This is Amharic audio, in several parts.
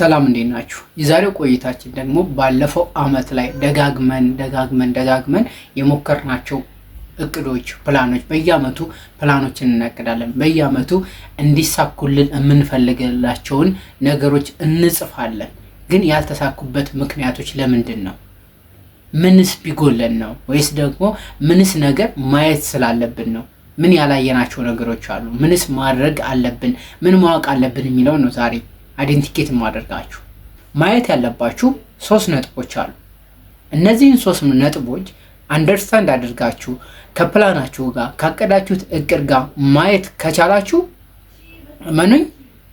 ሰላም እንዴት ናችሁ? የዛሬው ቆይታችን ደግሞ ባለፈው አመት ላይ ደጋግመን ደጋግመን ደጋግመን የሞከርናቸው እቅዶች፣ ፕላኖች በየአመቱ ፕላኖችን እናቅዳለን። በየአመቱ እንዲሳኩልን የምንፈልግላቸውን ነገሮች እንጽፋለን። ግን ያልተሳኩበት ምክንያቶች ለምንድን ነው? ምንስ ቢጎለን ነው? ወይስ ደግሞ ምንስ ነገር ማየት ስላለብን ነው? ምን ያላየናቸው ነገሮች አሉ? ምንስ ማድረግ አለብን? ምን ማወቅ አለብን የሚለው ነው ዛሬ አይደንቲኬት የማደርጋችሁ ማየት ያለባችሁ ሶስት ነጥቦች አሉ። እነዚህን ሶስት ነጥቦች አንደርስታንድ አድርጋችሁ ከፕላናችሁ ጋር ካቀዳችሁት እቅድ ጋር ማየት ከቻላችሁ መኑኝ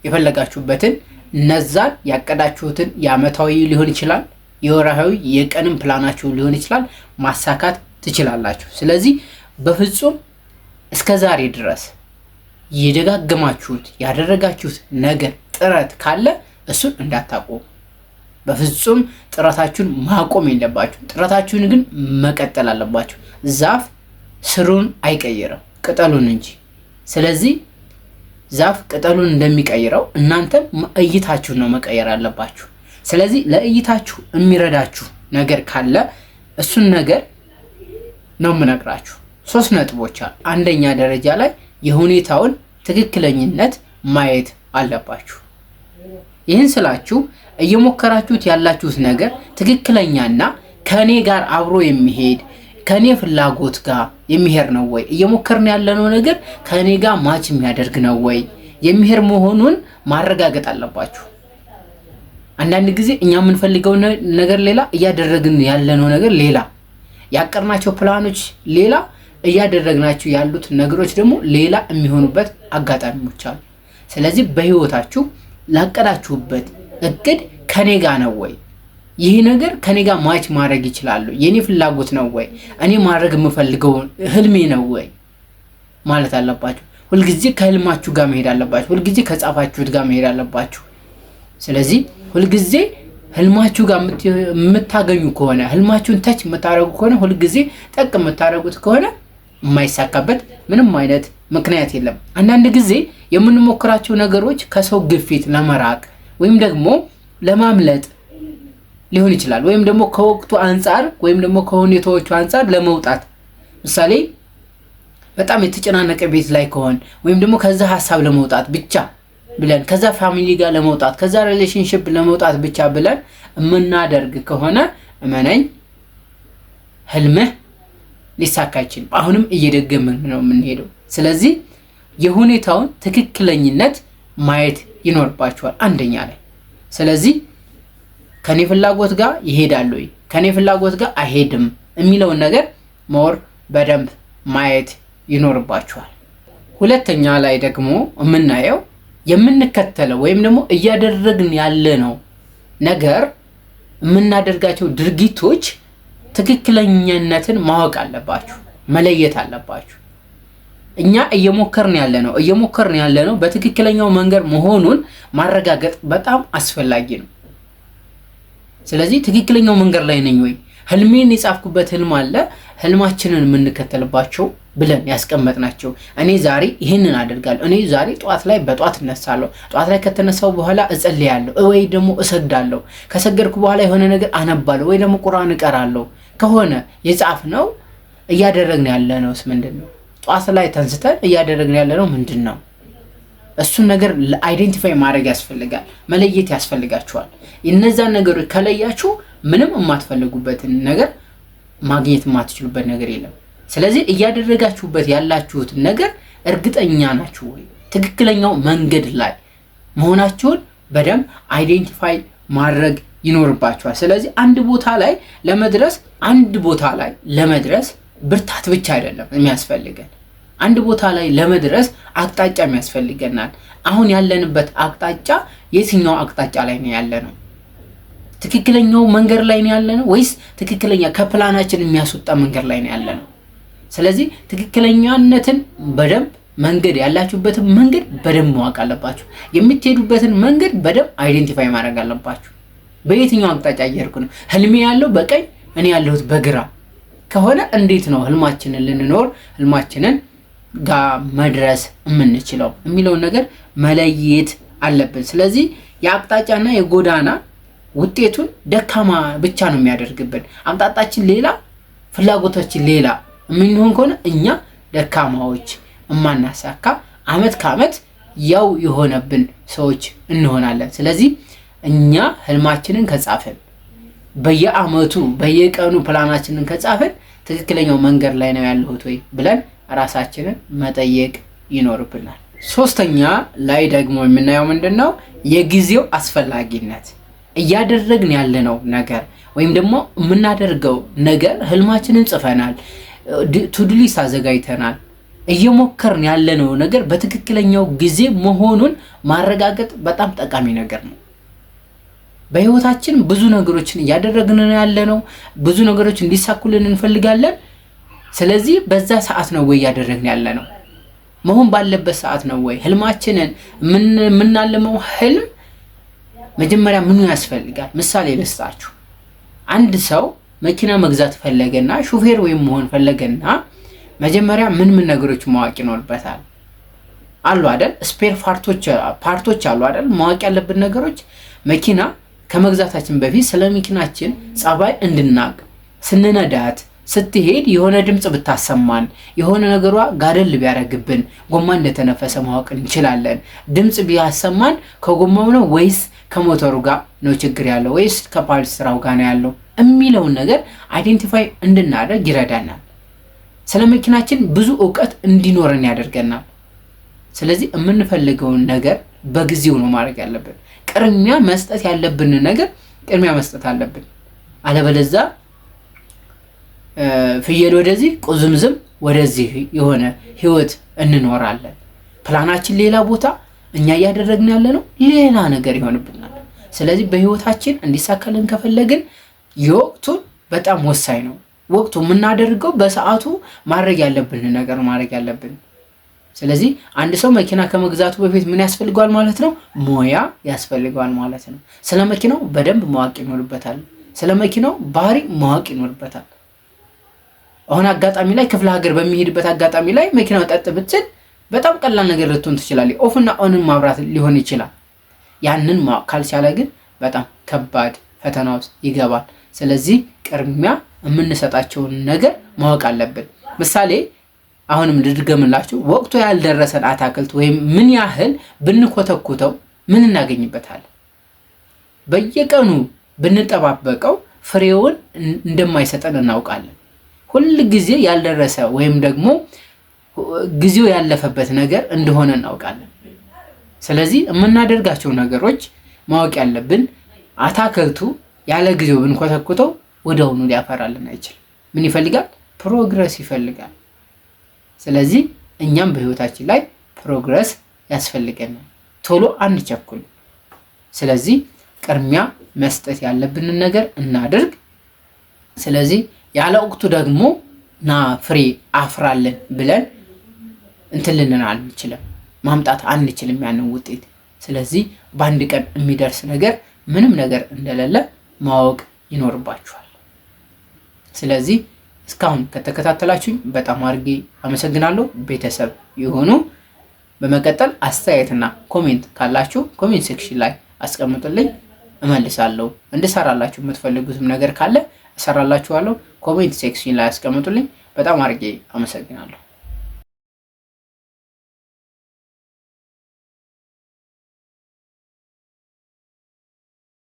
የፈለጋችሁበትን እነዛን ያቀዳችሁትን የአመታዊ ሊሆን ይችላል የወርሃዊ የቀንም ፕላናችሁ ሊሆን ይችላል ማሳካት ትችላላችሁ። ስለዚህ በፍጹም እስከ ዛሬ ድረስ የደጋገማችሁት ያደረጋችሁት ነገር ጥረት ካለ እሱን እንዳታቆሙ። በፍጹም ጥረታችሁን ማቆም የለባችሁ። ጥረታችሁን ግን መቀጠል አለባችሁ። ዛፍ ስሩን አይቀይረው ቅጠሉን እንጂ። ስለዚህ ዛፍ ቅጠሉን እንደሚቀይረው እናንተም እይታችሁን ነው መቀየር አለባችሁ። ስለዚህ ለእይታችሁ የሚረዳችሁ ነገር ካለ እሱን ነገር ነው የምነግራችሁ። ሶስት ነጥቦች አሉ። አንደኛ ደረጃ ላይ የሁኔታውን ትክክለኝነት ማየት አለባችሁ። ይህን ስላችሁ እየሞከራችሁት ያላችሁት ነገር ትክክለኛና ከኔ ጋር አብሮ የሚሄድ ከኔ ፍላጎት ጋር የሚሄድ ነው ወይ? እየሞከርን ያለነው ነገር ከኔ ጋር ማች የሚያደርግ ነው ወይ? የሚሄድ መሆኑን ማረጋገጥ አለባችሁ። አንዳንድ ጊዜ እኛ የምንፈልገው ነገር ሌላ፣ እያደረግን ያለነው ነገር ሌላ፣ ያቀርናቸው ፕላኖች ሌላ፣ እያደረግናቸው ያሉት ነገሮች ደግሞ ሌላ የሚሆኑበት አጋጣሚዎች አሉ። ስለዚህ በህይወታችሁ ላቀዳችሁበት እቅድ ከኔ ጋ ነው ወይ? ይህ ነገር ከኔ ጋር ማች ማድረግ ይችላሉ? የኔ ፍላጎት ነው ወይ? እኔ ማድረግ የምፈልገው ህልሜ ነው ወይ ማለት አለባችሁ። ሁልጊዜ ከህልማችሁ ጋር መሄድ አለባችሁ። ሁልጊዜ ከጻፋችሁት ጋር መሄድ አለባችሁ። ስለዚህ ሁልጊዜ ህልማችሁ ጋር የምታገኙ ከሆነ ህልማችሁን ተች የምታደርጉ ከሆነ ሁልጊዜ ጠቅ የምታደርጉት ከሆነ የማይሳካበት ምንም አይነት ምክንያት የለም። አንዳንድ ጊዜ የምንሞክራቸው ነገሮች ከሰው ግፊት ለመራቅ ወይም ደግሞ ለማምለጥ ሊሆን ይችላል። ወይም ደግሞ ከወቅቱ አንጻር ወይም ደግሞ ከሁኔታዎቹ አንጻር ለመውጣት ምሳሌ በጣም የተጨናነቀ ቤት ላይ ከሆን ወይም ደግሞ ከዛ ሀሳብ ለመውጣት ብቻ ብለን ከዛ ፋሚሊ ጋር ለመውጣት ከዛ ሪሌሽንሽፕ ለመውጣት ብቻ ብለን የምናደርግ ከሆነ እመነኝ ህልምህ ሊሳካ አይችልም። አሁንም እየደገምን ነው የምንሄደው። ስለዚህ የሁኔታውን ትክክለኝነት ማየት ይኖርባቸዋል አንደኛ ላይ። ስለዚህ ከኔ ፍላጎት ጋር ይሄዳል ወይ ከኔ ፍላጎት ጋር አይሄድም የሚለውን ነገር ሞር በደንብ ማየት ይኖርባቸዋል። ሁለተኛ ላይ ደግሞ የምናየው የምንከተለው ወይም ደግሞ እያደረግን ያለነው ነገር የምናደርጋቸው ድርጊቶች ትክክለኛነትን ማወቅ አለባችሁ፣ መለየት አለባችሁ። እኛ እየሞከርን ያለ ነው እየሞከርን ያለ ነው በትክክለኛው መንገድ መሆኑን ማረጋገጥ በጣም አስፈላጊ ነው። ስለዚህ ትክክለኛው መንገድ ላይ ነኝ ወይ ህልሜን የጻፍኩበት ህልም አለ ህልማችንን የምንከተልባቸው ብለን ያስቀመጥናቸው እኔ ዛሬ ይህንን አደርጋለሁ፣ እኔ ዛሬ ጠዋት ላይ በጠዋት እነሳለሁ፣ ጠዋት ላይ ከተነሳው በኋላ እጸልያለሁ ወይ ደግሞ እሰግዳለሁ፣ ከሰገድኩ በኋላ የሆነ ነገር አነባለሁ ወይ ደግሞ ቁርአን እቀራለሁ ከሆነ የጻፍ ነው እያደረግን ያለ ነውስ ምንድን ነው? ጧት ላይ ተንስተን እያደረግን ያለነው ምንድን ነው? እሱን ነገር አይዴንቲፋይ ማድረግ ያስፈልጋል፣ መለየት ያስፈልጋችኋል። እነዛን ነገሮች ከለያችሁ ምንም የማትፈልጉበትን ነገር ማግኘት የማትችሉበት ነገር የለም። ስለዚህ እያደረጋችሁበት ያላችሁትን ነገር እርግጠኛ ናችሁ ወይ ትክክለኛው መንገድ ላይ መሆናችሁን በደንብ አይዴንቲፋይ ማድረግ ይኖርባችኋል። ስለዚህ አንድ ቦታ ላይ ለመድረስ አንድ ቦታ ላይ ለመድረስ ብርታት ብቻ አይደለም የሚያስፈልገን። አንድ ቦታ ላይ ለመድረስ አቅጣጫ የሚያስፈልገናል። አሁን ያለንበት አቅጣጫ የትኛው አቅጣጫ ላይ ነው ያለ ነው? ትክክለኛው መንገድ ላይ ነው ያለ ነው ወይስ ትክክለኛ ከፕላናችን የሚያስወጣ መንገድ ላይ ነው ያለ ነው? ስለዚህ ትክክለኛነትን በደንብ መንገድ ያላችሁበትን መንገድ በደንብ ማወቅ አለባችሁ። የምትሄዱበትን መንገድ በደንብ አይዴንቲፋይ ማድረግ አለባችሁ። በየትኛው አቅጣጫ እየሄድኩ ነው? ህልሜ ያለው በቀኝ እኔ ያለሁት በግራ ከሆነ እንዴት ነው ህልማችንን ልንኖር ህልማችንን ጋር መድረስ የምንችለው የሚለውን ነገር መለየት አለብን። ስለዚህ የአቅጣጫና የጎዳና ውጤቱን ደካማ ብቻ ነው የሚያደርግብን። አቅጣጣችን ሌላ፣ ፍላጎታችን ሌላ የምንሆን ከሆነ እኛ ደካማዎች እማናሳካ አመት ከአመት ያው የሆነብን ሰዎች እንሆናለን። ስለዚህ እኛ ህልማችንን ከጻፍን በየአመቱ በየቀኑ ፕላናችንን ከጻፍን ትክክለኛው መንገድ ላይ ነው ያለሁት ወይ ብለን ራሳችንን መጠየቅ ይኖርብናል። ሶስተኛ ላይ ደግሞ የምናየው ምንድን ነው? የጊዜው አስፈላጊነት እያደረግን ያለነው ነገር ወይም ደግሞ የምናደርገው ነገር ህልማችንን ጽፈናል፣ ቱዱሊስ አዘጋጅተናል። እየሞከርን ያለነው ነገር በትክክለኛው ጊዜ መሆኑን ማረጋገጥ በጣም ጠቃሚ ነገር ነው። በህይወታችን ብዙ ነገሮችን እያደረግን ያለ ነው። ብዙ ነገሮች እንዲሳኩልን እንፈልጋለን። ስለዚህ በዛ ሰዓት ነው ወይ እያደረግን ያለ ነው? መሆን ባለበት ሰዓት ነው ወይ? ህልማችንን የምናልመው ህልም መጀመሪያ ምኑ ያስፈልጋል? ምሳሌ ልስጣችሁ። አንድ ሰው መኪና መግዛት ፈለገና ሹፌር ወይም መሆን ፈለገና መጀመሪያ ምን ምን ነገሮች ማወቅ ይኖርበታል? አሉ አይደል? ስፔር ፓርቶች አሉ አይደል? ማወቅ ያለብን ነገሮች መኪና ከመግዛታችን በፊት ስለ መኪናችን ጸባይ እንድናቅ ስንነዳት ስትሄድ የሆነ ድምፅ ብታሰማን የሆነ ነገሯ ጋደል ቢያደርግብን ጎማ እንደተነፈሰ ማወቅ እንችላለን። ድምፅ ቢያሰማን ከጎማው ነው ወይስ ከሞተሩ ጋር ነው ችግር ያለው ወይስ ከፓልስ ስራው ጋር ነው ያለው የሚለውን ነገር አይዴንቲፋይ እንድናደርግ ይረዳናል። ስለ መኪናችን ብዙ እውቀት እንዲኖረን ያደርገናል። ስለዚህ የምንፈልገውን ነገር በጊዜው ነው ማድረግ ያለብን። ቅድሚያ መስጠት ያለብን ነገር ቅድሚያ መስጠት አለብን። አለበለዛ ፍየል ወደዚህ ቁዝምዝም ወደዚህ የሆነ ህይወት እንኖራለን። ፕላናችን ሌላ ቦታ፣ እኛ እያደረግን ያለ ነው ሌላ ነገር ይሆንብናል። ስለዚህ በህይወታችን እንዲሳካልን ከፈለግን የወቅቱን በጣም ወሳኝ ነው። ወቅቱ የምናደርገው በሰዓቱ ማድረግ ያለብን ነገር ማድረግ ያለብን ስለዚህ አንድ ሰው መኪና ከመግዛቱ በፊት ምን ያስፈልገዋል ማለት ነው? ሙያ ያስፈልገዋል ማለት ነው። ስለ መኪናው በደንብ ማወቅ ይኖርበታል። ስለ መኪናው ባህሪ ማወቅ ይኖርበታል። አሁን አጋጣሚ ላይ ክፍለ ሀገር በሚሄድበት አጋጣሚ ላይ መኪናው ጠጥ ብትል በጣም ቀላል ነገር ልትሆን ትችላለች። ኦፍና ኦንን ማብራት ሊሆን ይችላል። ያንን ማወቅ ካልቻለ ግን በጣም ከባድ ፈተና ውስጥ ይገባል። ስለዚህ ቅድሚያ የምንሰጣቸውን ነገር ማወቅ አለብን። ምሳሌ አሁንም ልድገምላችሁ፣ ወቅቱ ያልደረሰን አታክልት ወይም ምን ያህል ብንኮተኩተው ምን እናገኝበታለን? በየቀኑ ብንጠባበቀው ፍሬውን እንደማይሰጠን እናውቃለን። ሁል ጊዜ ያልደረሰ ወይም ደግሞ ጊዜው ያለፈበት ነገር እንደሆነ እናውቃለን። ስለዚህ የምናደርጋቸው ነገሮች ማወቅ ያለብን አታክልቱ ያለ ጊዜው ብንኮተኩተው ወዲያውኑ ሊያፈራልን አይችልም። ምን ይፈልጋል? ፕሮግረስ ይፈልጋል። ስለዚህ እኛም በህይወታችን ላይ ፕሮግረስ ያስፈልገናል። ቶሎ አንቸኩል። ስለዚህ ቅድሚያ መስጠት ያለብንን ነገር እናድርግ። ስለዚህ ያለ ወቅቱ ደግሞ ና ፍሬ አፍራለን ብለን እንትን ልንን አንችልም፣ ማምጣት አንችልም ያንን ውጤት። ስለዚህ በአንድ ቀን የሚደርስ ነገር ምንም ነገር እንደሌለ ማወቅ ይኖርባችኋል። ስለዚህ እስካሁን ከተከታተላችሁኝ በጣም አድርጌ አመሰግናለሁ ቤተሰብ የሆኑ በመቀጠል አስተያየትና ኮሜንት ካላችሁ ኮሜንት ሴክሽን ላይ አስቀምጡልኝ እመልሳለሁ እንድሰራላችሁ የምትፈልጉትም ነገር ካለ እሰራላችኋለሁ ኮሜንት ሴክሽን ላይ አስቀምጡልኝ በጣም አድርጌ አመሰግናለሁ